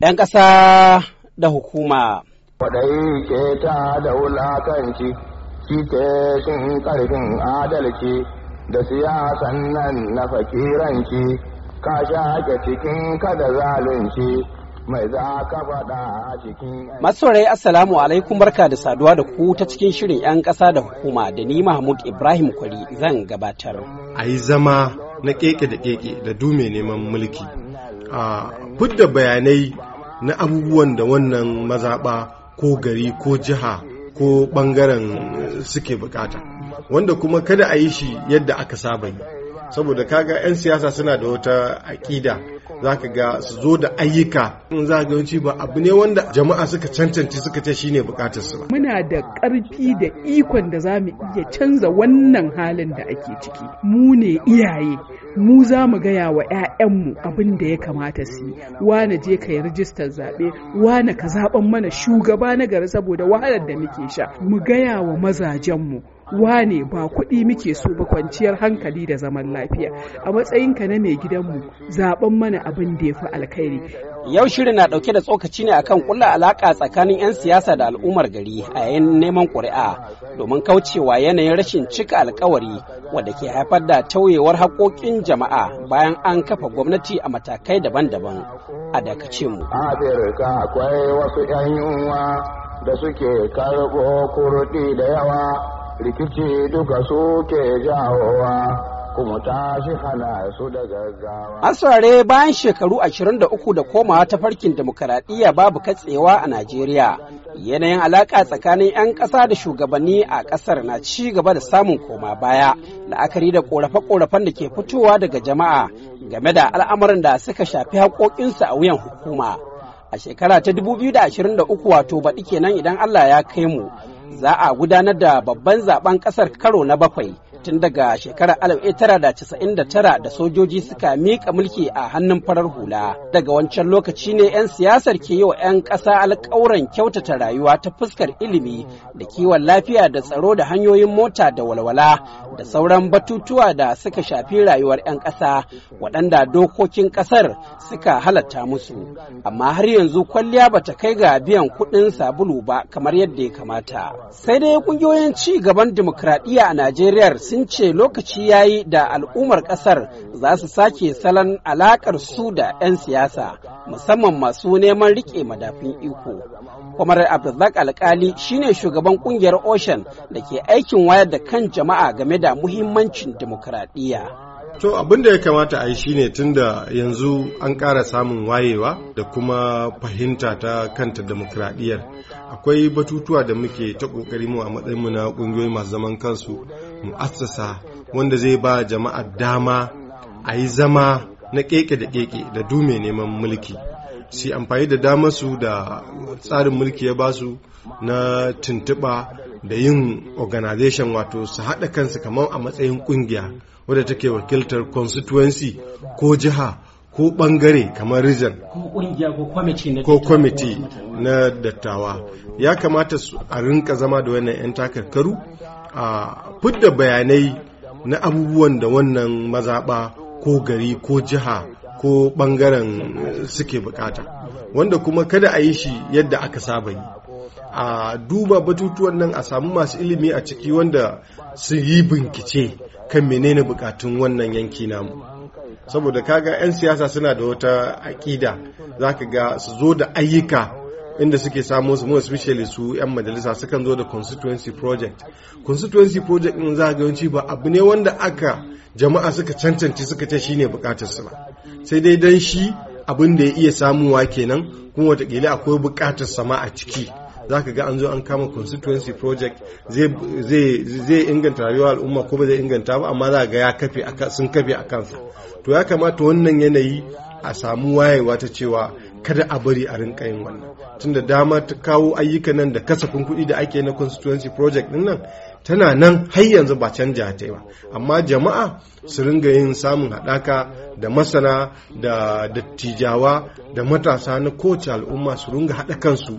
‘yan ƙasa da hukuma. Kwaɗayi ke ta da wulakanci, shi ke shin ƙarfin adalci da siyasan nan na fakiranci, ka shaƙe cikin kada zalunci. mai za ka faɗa Masorai Assalamu alaikum barka da saduwa da ku ta cikin shirin 'yan ƙasa da hukuma da ni Mahmud Ibrahim Kwari zan gabatar. A yi zama na keke da keke da dume neman mulki. A ah, fudda bayanai na abubuwan da wannan mazaɓa ko gari ko jiha ko ɓangaren eh, suke bukata wanda kuma kada a yi shi yadda aka saba yi saboda kaga 'yan siyasa suna da wata aƙida za ka ga su zo da ayyuka in za ga yawanci ba abu ne wanda jama'a suka cancanci suka ce shine bukatar su ba muna da karfi da ikon da za mu iya canza wannan halin da ake ciki mu ne iyaye mu za mu gaya wa 'ya'yanmu abin da ya kamata su yi wane je ka yi rijistar zaɓe wane ka zaɓen mana shugaba na gari saboda wahalar da muke sha mu gaya wa mazajenmu wane ba kuɗi muke so ba kwanciyar hankali da zaman lafiya a matsayinka na mai gidanmu zaben mana abin da ya fi alkhairi yau shirin na dauke da tsokaci ne akan kulla alaka tsakanin 'yan siyasa da al'ummar gari a yayin neman ƙuri'a domin kaucewa yanayin rashin cika alkawari wadda ke haifar da tauyewar haƙoƙin jama'a bayan an kafa gwamnati a matakai daban-daban a dakace mu. afirka akwai wasu 'yan yunwa da suke karɓo kurɗi da yawa rikici duka suke jawowa kuma shi hana su da gaggawa. Asare bayan shekaru 23 da komawa ta farkin demokaradiyya babu katsewa a Najeriya. Yanayin alaƙa tsakanin 'yan ƙasa da shugabanni a ƙasar na ci gaba da samun koma baya, la'akari da ƙorafe-ƙorafen da ke fitowa daga jama'a game da al'amuran da suka shafi haƙoƙinsu a wuyan hukuma. A shekara ta 2023 wato baɗi kenan idan Allah ya kai mu, za a gudanar da babban zaben kasar karo na bakwai tun daga shekarar 1999 da sojoji suka miƙa mulki a hannun farar hula daga wancan lokaci ne 'yan siyasar ke yi wa 'yan ƙasa alƙawuran kyautata rayuwa ta fuskar ilimi da kiwon lafiya da tsaro da hanyoyin mota da walwala da sauran batutuwa da suka shafi rayuwar 'yan ƙasa waɗanda dokokin ƙasar suka halatta musu amma har yanzu kwalliya bata kai ga biyan kuɗin sabulu ba kamar yadda ya kamata sai dai ƙungiyoyin ci gaban dimokuraɗiyya a najeriya sun ce lokaci ya yi da al'ummar ƙasar za su sake salon alaƙar su da 'yan siyasa musamman masu neman riƙe madafin iko. Kwamar Abdulzak Alkali shine shugaban kungiyar Ocean da ke aikin wayar da kan jama'a game da muhimmancin demokradiyya. To abin da ya kamata a yi shine tunda yanzu an kara samun wayewa da kuma fahimta ta kanta demokradiyyar. Akwai batutuwa da muke ta ƙoƙari mu a matsayinmu na ƙungiyoyi masu zaman kansu mu'assasa wanda zai ba jama'a dama a yi zama na keke da keke da dume neman mulki su amfani da damar su da tsarin mulki ya basu na tuntuɓa da yin organization wato su haɗa kansu kamar a matsayin ƙungiya wadda take wakiltar constituency ko jiha ko ɓangare kamar region ko kwamiti na dattawa ya kamata su a rinka zama da wannan 'yan takarkaru a fidda bayanai na abubuwan da wannan mazaɓa ko gari ko jiha ko ɓangaren suke bukata wanda kuma kada a yi shi yadda aka saba yi a duba batutuwan nan a samu masu ilimi a ciki wanda su yi binkice kan menene bukatun wannan yanki namu saboda kaga 'yan siyasa suna da wata aƙida za ka ga su zo da ayyuka inda suke samu su especially su yan majalisa sukan zo da constituency project constituency project din za ga yawanci ba abu ne wanda aka jama'a suka cancanci suka ce shine bukatar su ba sai dai dan shi abin da ya iya samuwa kenan kuma watakila akwai bukatar sama a ciki za ka ga an zo an kama constituency project zai inganta rayuwa al'umma ko ba zai inganta ba amma za ga ya kafe sun kafe a kansa to ya kamata wannan yanayi a samu wayewa ta cewa kada a bari a rinka yin wannan tunda dama ta kawo ayyukan nan da kasafin kuɗi da ake na constituency project din nan tana nan har yanzu ba canja ta ba amma jama'a su ringa yin samun haɗaka da masana da dattijawa da matasa na kowace al'umma su ringa haɗa kansu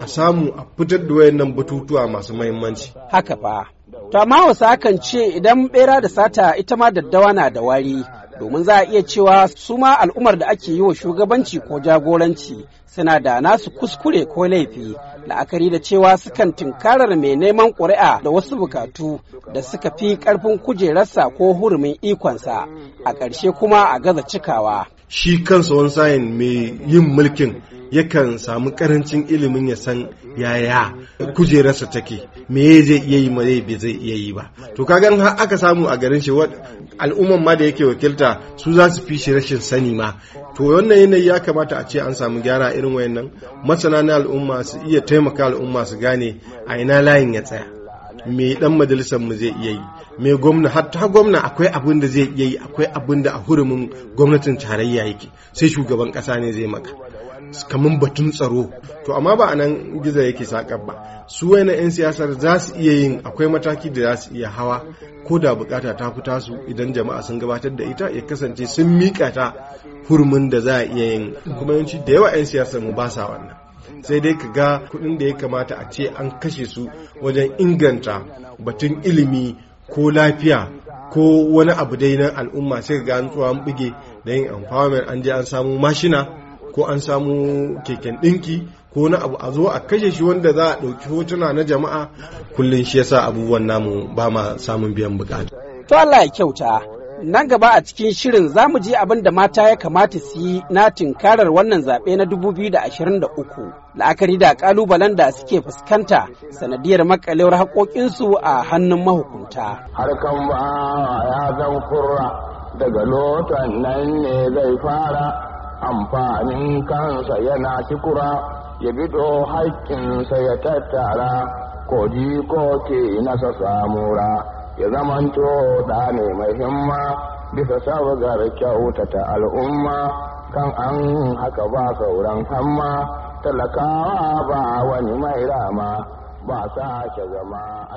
a samu a fitar da wayannan batutuwa masu mahimmanci haka fa to amma wasu akan ce idan bera da sata ita ma daddawa na da wari domin za a iya cewa su ma al'ummar da ake yi wa shugabanci ko jagoranci suna da nasu kuskure ko laifi la'akari da cewa sukan tinkarar mai neman ƙuri'a da wasu bukatu da suka fi ƙarfin kujerarsa ko hurumin ikonsa a ƙarshe kuma a gaza cikawa shi kansa wani sayin mai yin mulkin yakan samu karancin ilimin ya san yaya kujerarsa take me zai iya yi ma bai zai iya yi ba to ka gan har aka samu a garin shi al'umman ma da yake wakilta su za su fi shi rashin sani ma to wannan yanayi ya kamata a ce an samu gyara irin wayannan masana na al'umma su iya taimaka al'umma su gane a ina layin ya tsaya me dan majalisar mu zai iya yi me gwamna hatta gwamna akwai abin da zai iya yi akwai abin da a hurumin gwamnatin tarayya yake sai shugaban kasa ne zai maka kamun batun tsaro to amma ba a nan gizo yake sakar ba su wani 'yan siyasar za su iya yin akwai mataki da za su iya hawa ko da bukata ta fita su idan jama'a sun gabatar da ita ya kasance sun miƙa ta hurumin da za a iya yin kuma yanci da yawa 'yan siyasar mu ba sa wannan sai dai ka ga kuɗin da ya kamata a ce an kashe su wajen inganta batun ilimi ko lafiya ko wani abu dai na al'umma sai ga an tsohon buge da yin empowerment an je an samu mashina ko an samu keken ɗinki ko na abu a zo a kashe shi wanda za a ɗauki hotuna na jama'a kullum shi yasa abubuwan namu ba ma samun biyan bukata. To Allah ya kyauta nan gaba a cikin shirin zamu mu ji abin da mata ya kamata su yi na tinkarar wannan zaɓe na 2023 la'akari da ƙalubalen da suke fuskanta sanadiyar makalewar haƙoƙinsu a hannun mahukunta. Harkan ba ya zan kurra daga lotan nan ne zai fara amfanin kansa yana kikura ya bido haƙƙinsa ya tattara koji ko ke nasa samura ya zamanto da ne mai himma bisa sabgar kyautata al'umma kan an haka ba sauran hamma talakawa ba wani mai rama Madala,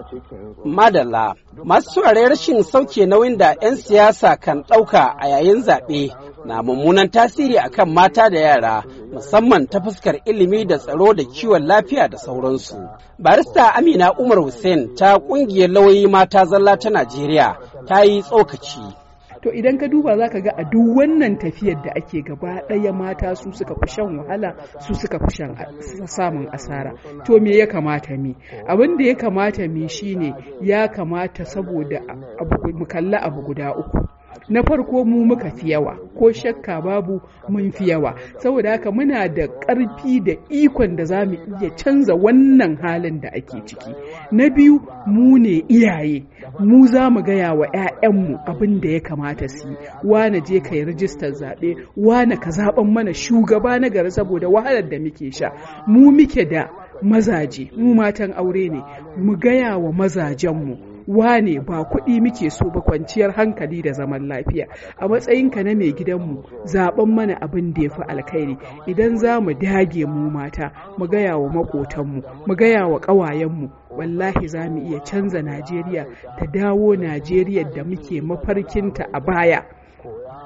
Madalla, masu saurare rashin sauke nauyin da 'yan siyasa kan ɗauka a yayin zaɓe na mummunan tasiri akan mata da yara musamman ta fuskar ilimi da tsaro da kiwon lafiya da sauransu. Barista Amina Umar Hussein ta ƙungiyar lauyi mata zalla ta Najeriya ta yi tsokaci. to idan ka duba za ka ga a duk wannan tafiyar da ake gaba ɗaya mata su suka fi shan wahala su suka fi shan samun asara to me ya kamata mi abin da ya kamata mi shine ya kamata saboda mu kalla abu guda uku na farko mu muka fi yawa ko shakka babu mun fi yawa saboda haka muna da ƙarfi da ikon da za mu iya canza wannan halin da ake ciki na biyu mu ne iyaye mu za mu gaya wa 'ya'yanmu abin da ya kamata su yi wane je ka yi rijistar zaɓe wane ka zaɓen mana shugaba na gari saboda wahalar da muke sha mu muke da mazaje mu matan aure ne mu gaya wa mazajenmu wane ba kuɗi muke so ba kwanciyar hankali da zaman lafiya a matsayinka na mai gidanmu zaɓen mana abin da ya fi alkhairi idan za mu dage mu mata mu gaya wa maƙotanmu mu gaya wa ƙawayenmu wallahi za mu iya canza najeriya ta dawo najeriya da muke mafarkinta a baya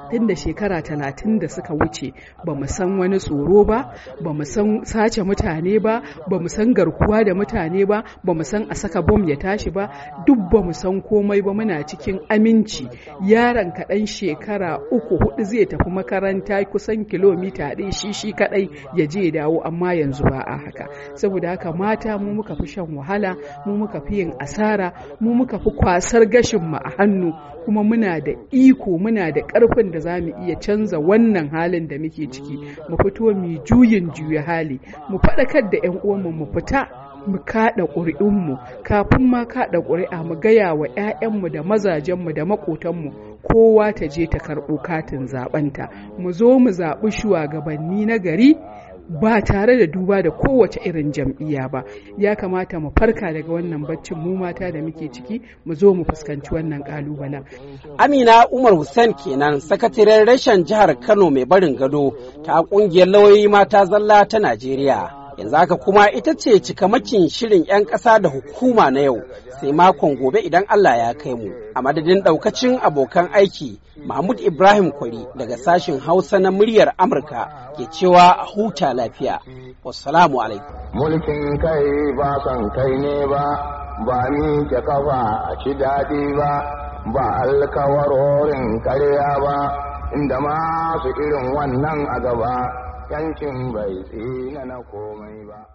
tun da shekara talatin da suka wuce ba mu san wani tsoro ba ba mu san sace mutane ba ba mu san garkuwa da mutane ba ba mu san a saka bom ya tashi ba duk ba mu san komai ba muna cikin aminci yaron kaɗan shekara uku hudu zai tafi makaranta kusan kilomita ɗin shi shi kaɗai ya je ya dawo amma yanzu ba a haka saboda haka mata mu muka fi shan wahala mu muka fi yin asara mu muka fi kwasar gashin mu a hannu kuma muna da iko muna da ƙarfin da yadda za mu iya canza wannan halin da muke ciki mu fito mu juyin juya hali mu faɗakar da 'yan uwanmu mu fita mu kaɗa ƙuri'unmu kafin ma kaɗa ƙuri'a mu gaya wa 'ya'yanmu da mazajenmu da maƙotanmu kowa ta je ta karɓo katin zaɓenta mu zo mu zaɓi shugabanni na gari ba tare da duba da kowace irin jam'iyya ba ya kamata mu farka daga wannan baccin mu mata da muke ciki mu zo mu fuskanci wannan kalubalen amina umar hussein kenan sakataren rashin jihar kano mai barin gado ta kungiyar lauyoyi mata zalla ta najeriya yanzu haka kuma ita ce cikamakin shirin 'yan ƙasa da hukuma na yau sai makon gobe idan Allah ya kai mu a madadin ɗaukacin abokan aiki mahmud ibrahim kwari daga sashen hausa na muryar amurka ke cewa a huta lafiya wassalamu alaikum mulkin kai ba san kai ne ba ba ni ke kafa a ci daɗi ba ba alkawarorin karya ba inda masu irin wannan a gaba yankin bai tsina na komai ba.